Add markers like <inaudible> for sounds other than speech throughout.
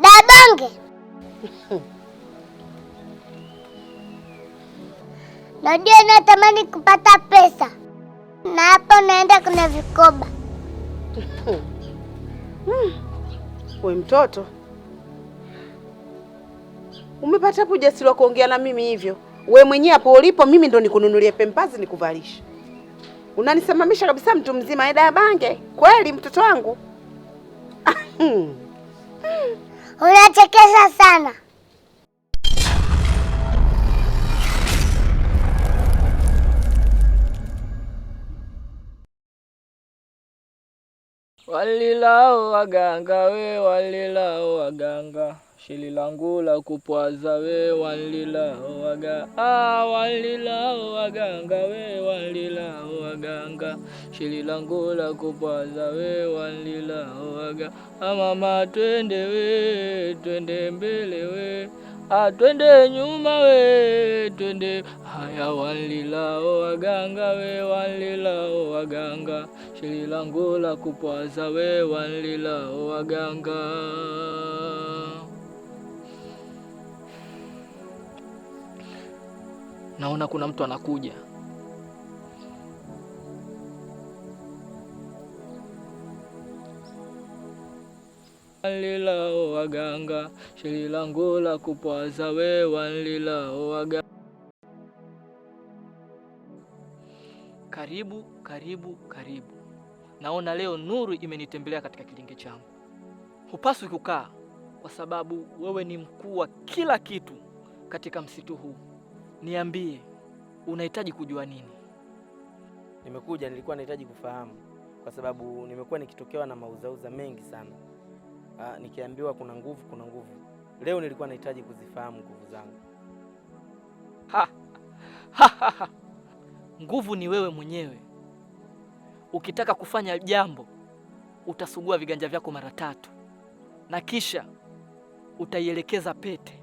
Dabange. najua natamani kupata pesa, na hapa unaenda kuna vikoba <laughs> we mtoto, umepata hapo ujasiri wa kuongea na mimi hivyo? We mwenyewe hapo ulipo, mimi ndo nikununulie pempazi nikuvalisha, unanisimamisha kabisa mtu mzima. Eda ya bange kweli, mtoto wangu <laughs> Unachekesha sana. Walilao waganga we, walilao waganga Shili langu la kupwaza we walila waga ah, walila waganga we walila waganga shili langu la kupwaza we walila waga ah, twende we twende mbele we ah, twende nyuma we twende haya walila waganga we walila waganga shili langu la kupwaza we walila waganga naona kuna mtu anakuja. Wanlilao waganga sheli langu la kupwaza we, wanlilao waganga. Karibu, karibu, karibu. Naona leo nuru imenitembelea katika kilinge changu. Hupaswi kukaa, kwa sababu wewe ni mkuu wa kila kitu katika msitu huu. Niambie, unahitaji kujua nini? Nimekuja, nilikuwa nahitaji kufahamu kwa sababu nimekuwa nikitokewa na mauzauza mengi sana. Aa, ah, nikiambiwa kuna nguvu, kuna nguvu. Leo nilikuwa nahitaji kuzifahamu nguvu zangu. Ha. Ha, ha, ha. Nguvu ni wewe mwenyewe. Ukitaka kufanya jambo, utasugua viganja vyako mara tatu na kisha utaielekeza pete,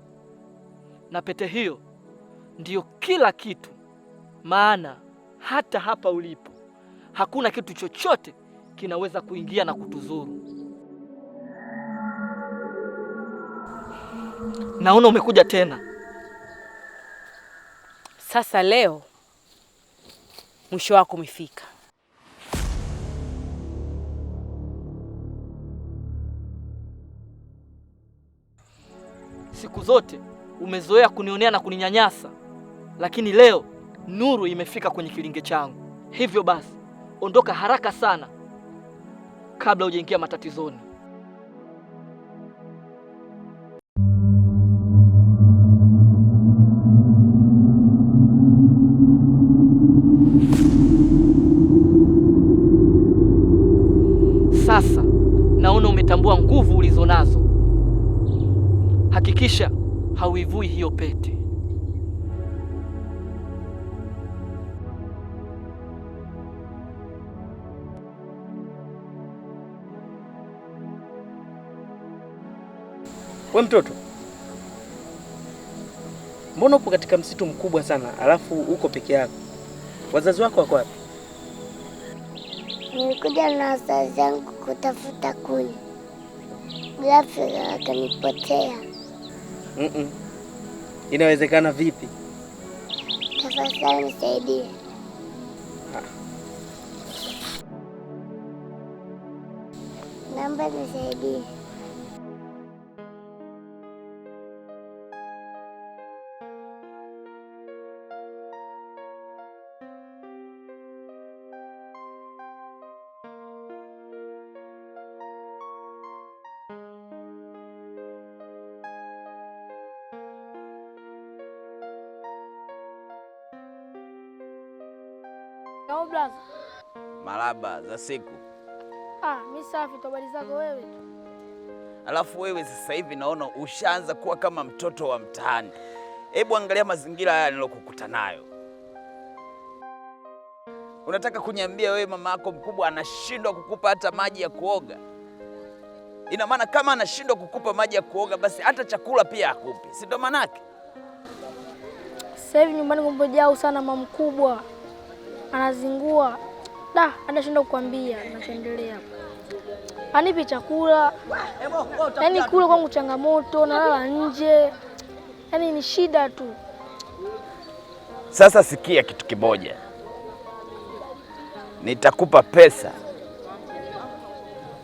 na pete hiyo ndiyo kila kitu, maana hata hapa ulipo hakuna kitu chochote kinaweza kuingia na kutuzuru. Naona umekuja tena. Sasa leo mwisho wako umefika. Siku zote umezoea kunionea na kuninyanyasa lakini leo nuru imefika kwenye kilinge changu. Hivyo basi ondoka haraka sana kabla hujaingia matatizoni. Sasa naona umetambua nguvu ulizonazo. Hakikisha hauivui hiyo pete. We mtoto, mbona upo katika msitu mkubwa sana alafu uko peke yako? Wazazi wako wako wapi? Nilikuja na wazazi wangu kutafuta kuni, ghafla akanipotea. mm -mm. Inawezekana vipi? Tafadhali nisaidie. Ah. namba nisaidie. brother? Maraba za siku. Ah, mimi safi tu, habari zako wewe Alafu wewe sasa hivi naona ushaanza kuwa kama mtoto wa mtaani. Hebu angalia mazingira haya nilokukuta nayo. Unataka kuniambia wewe mama yako mkubwa anashindwa kukupa hata maji ya kuoga? Ina maana kama anashindwa kukupa maji ya kuoga, basi hata chakula pia akupi si ndo maanake? Sasa hivi nyumbani kumejaa sana mama mkubwa anazingua da, anashinda kukwambia nachoendelea, anipi chakula, Yani kula kwangu changamoto, nalala nje, yani ni shida tu. Sasa sikia kitu kimoja, nitakupa pesa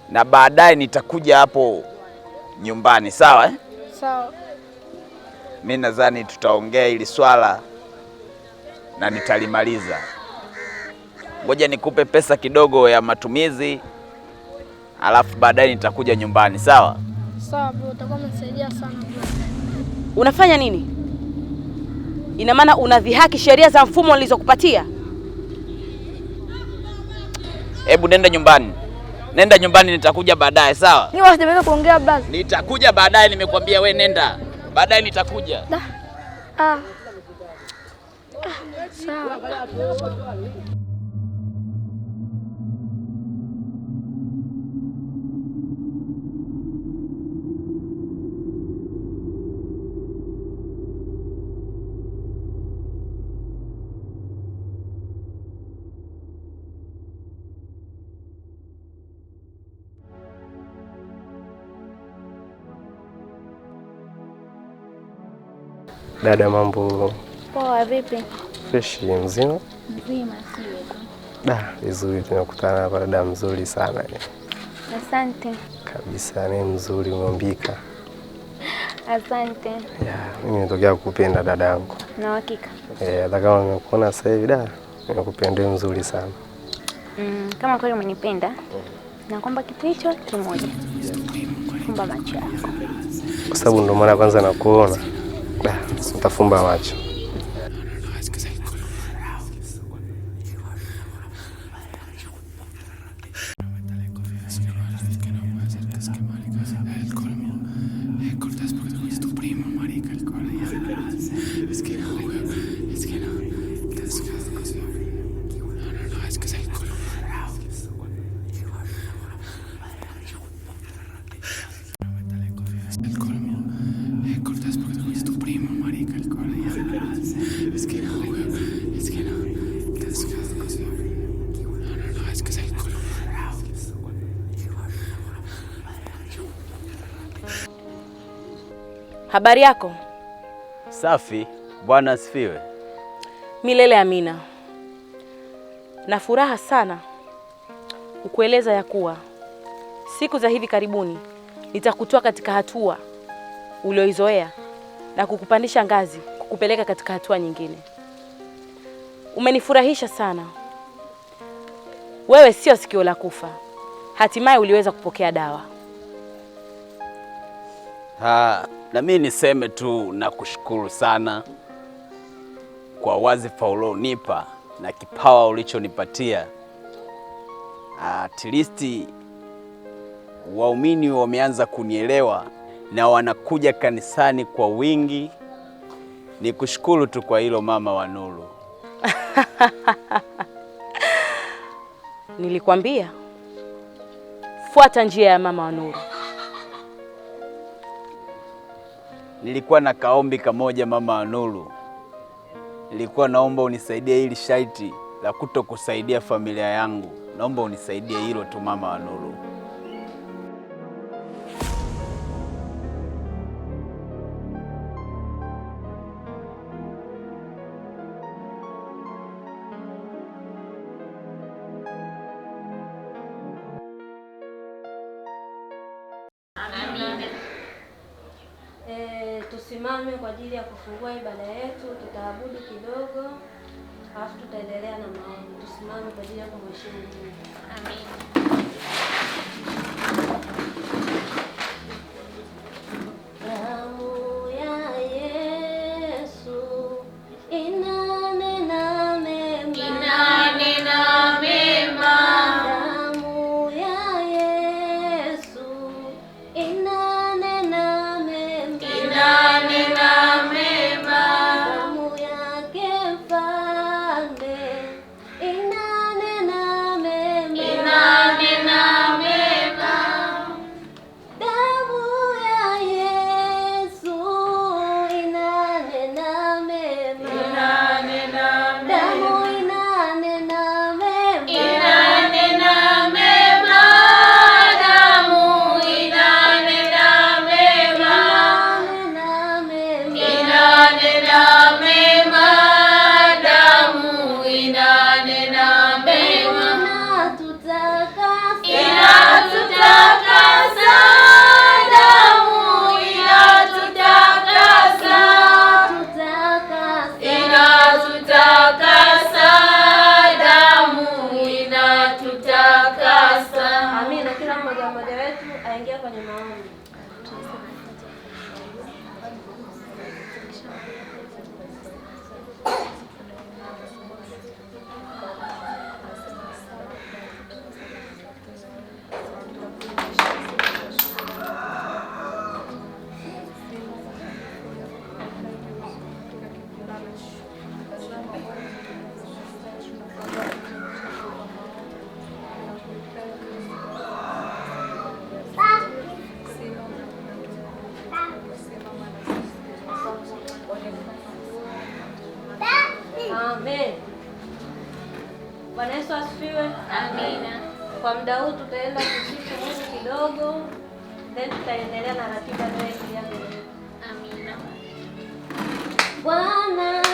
na baadaye nitakuja hapo nyumbani, sawa eh? Sawa. Mimi nadhani tutaongea hili swala na nitalimaliza ngoja nikupe pesa kidogo ya matumizi, alafu baadaye nitakuja nyumbani. Sawa sawa bro, utakuwa umenisaidia sana bro. Unafanya nini? Ina maana unadhihaki sheria za mfumo nilizokupatia? Hebu nenda nyumbani, nenda nyumbani, nitakuja baadaye. Sawa, kuongea basi. nitakuja baadaye. Nimekwambia we nenda, baadaye nitakuja. Ah. Ah. Sawa. Dada, mambo poa? Vipi? Freshi mzima mzima, da vizuri. Tunakutana hapa dada mzuri sana. Asante kabisa, ni mzuri, umeombika. Asante ya, mimi natokea kukupenda dada yangu, na hakika eh, hata kama nimekuona sasa hivi da, nimekupenda mzuri sana mm, kama kweli umenipenda na kwamba kitu hicho kimoja, fumba macho yako, kwa sababu ndio mara kwanza nakuona Utafumba macho. habari yako? Safi, Bwana asifiwe. Milele amina. Na furaha sana kukueleza ya kuwa siku za hivi karibuni nitakutoa katika hatua ulioizoea na kukupandisha ngazi, kukupeleka katika hatua nyingine. Umenifurahisha sana. Wewe sio sikio la kufa, hatimaye uliweza kupokea dawa ha. Na mimi niseme tu nakushukuru sana kwa wadhifa ulionipa na kipawa ulichonipatia. Ah, at least waumini wameanza kunielewa na wanakuja kanisani kwa wingi. Nikushukuru tu kwa hilo, mama wa nuru. <laughs> Nilikwambia fuata njia ya mama wa nuru. nilikuwa na kaombi kamoja, mama Anuru, nilikuwa naomba unisaidie hili shaiti la kutokusaidia familia yangu, naomba unisaidie hilo tu, mama Anuru. tusimame kwa ajili ya kufungua ibada yetu. Tutaabudu kidogo, alafu tutaendelea na maombi. Tusimame kwa ajili ya kumheshimu Mungu. Amen. Amina. Kwa muda huu tutaenda kusifu Mungu kidogo, then tutaendelea na ratiba tunayoingia Amina. Bwana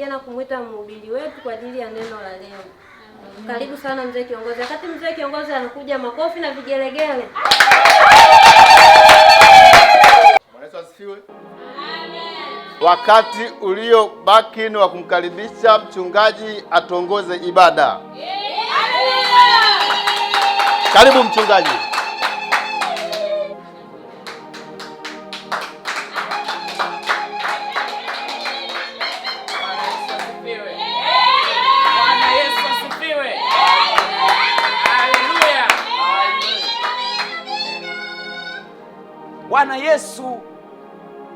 jana kumwita mhubiri wetu kwa ajili ya neno la leo. Karibu sana mzee kiongozi. Wakati mzee kiongozi anakuja, makofi na vigelegele. Wakati uliobaki ni wa kumkaribisha mchungaji atongoze ibada. Karibu mchungaji.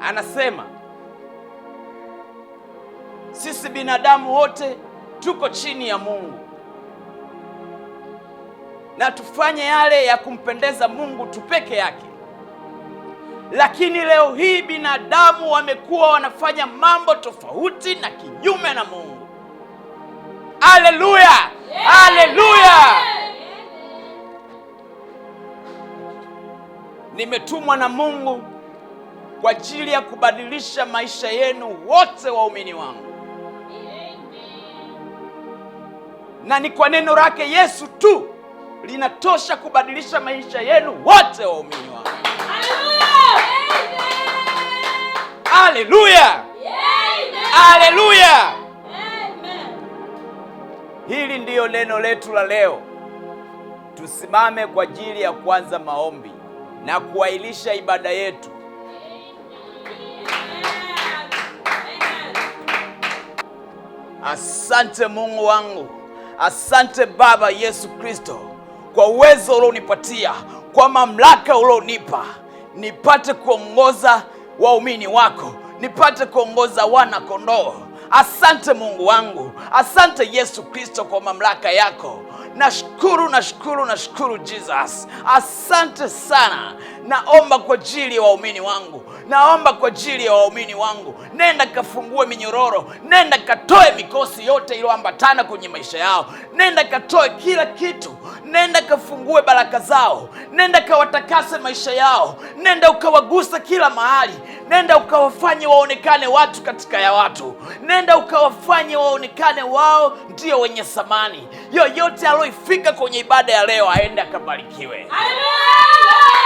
anasema sisi binadamu wote tuko chini ya Mungu na tufanye yale ya kumpendeza Mungu tu peke yake. Lakini leo hii binadamu wamekuwa wanafanya mambo tofauti na kinyume na Mungu. Haleluya! Haleluya! Nimetumwa na Mungu kwa ajili ya kubadilisha maisha yenu wote, waumini wangu. Na ni kwa neno lake Yesu tu linatosha kubadilisha maisha yenu wote, waumini wangu. Haleluya, haleluya! Hili ndiyo neno letu la leo. Tusimame kwa ajili ya kuanza maombi na kuwailisha ibada yetu. Asante Mungu wangu, asante Baba Yesu Kristo kwa uwezo ulionipatia, kwa mamlaka ulionipa, nipate kuongoza waumini wako, nipate kuongoza wana kondoo. Asante Mungu wangu, asante Yesu Kristo kwa mamlaka yako. Nashukuru, nashukuru, nashukuru Jesus, asante sana naomba kwa ajili ya waumini wangu, naomba kwa ajili ya waumini wangu. Nenda kafungue minyororo, nenda katoe mikosi yote iliyoambatana kwenye maisha yao, nenda katoe kila kitu, nenda kafungue baraka zao, nenda kawatakase maisha yao, nenda ukawagusa kila mahali, nenda ukawafanye waonekane watu katika ya watu, nenda ukawafanye waonekane wao ndio wenye thamani. Yoyote aloifika kwenye ibada ya leo aende akabarikiwe. Amen.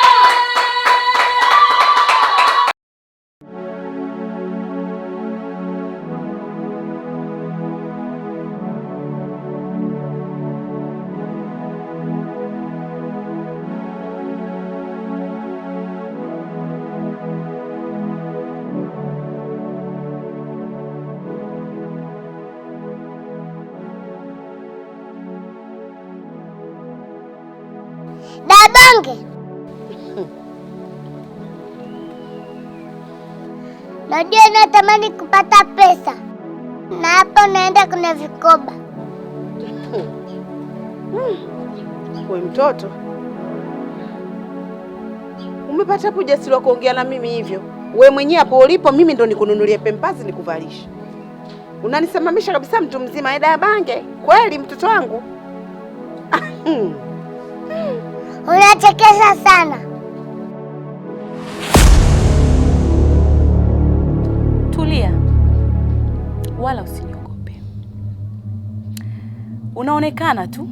Dabange. Najua natamani kupata pesa, na hapa unaenda kuna vikoba. We mtoto, umepata hapo ujasiri wa kuongea na mimi hivyo? We mwenyewe hapo ulipo, mimi ndo nikununulie pempazi nikuvalisha, unanisimamisha kabisa mtu mzima, eda ya bange kweli, mtoto wangu <laughs> unachekesha sana. Tulia wala usiniogope. Unaonekana tu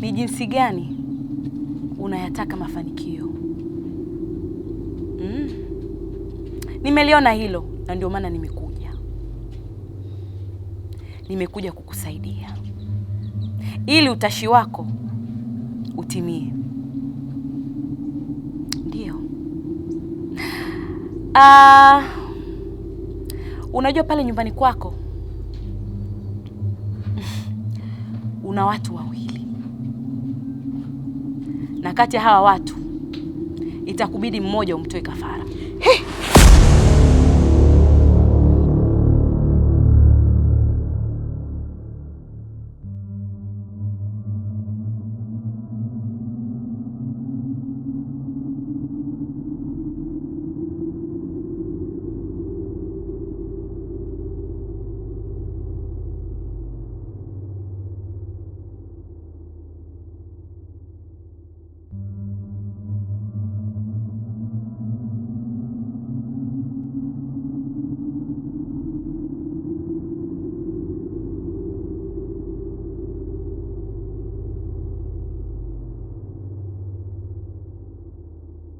ni jinsi gani unayataka mafanikio. Mm. Nimeliona hilo na ndio maana nimekuja, nimekuja kukusaidia ili utashi wako utimie. Ndio. Ah, Unajua pale nyumbani kwako una watu wawili, na kati ya hawa watu itakubidi mmoja umtoe kafara.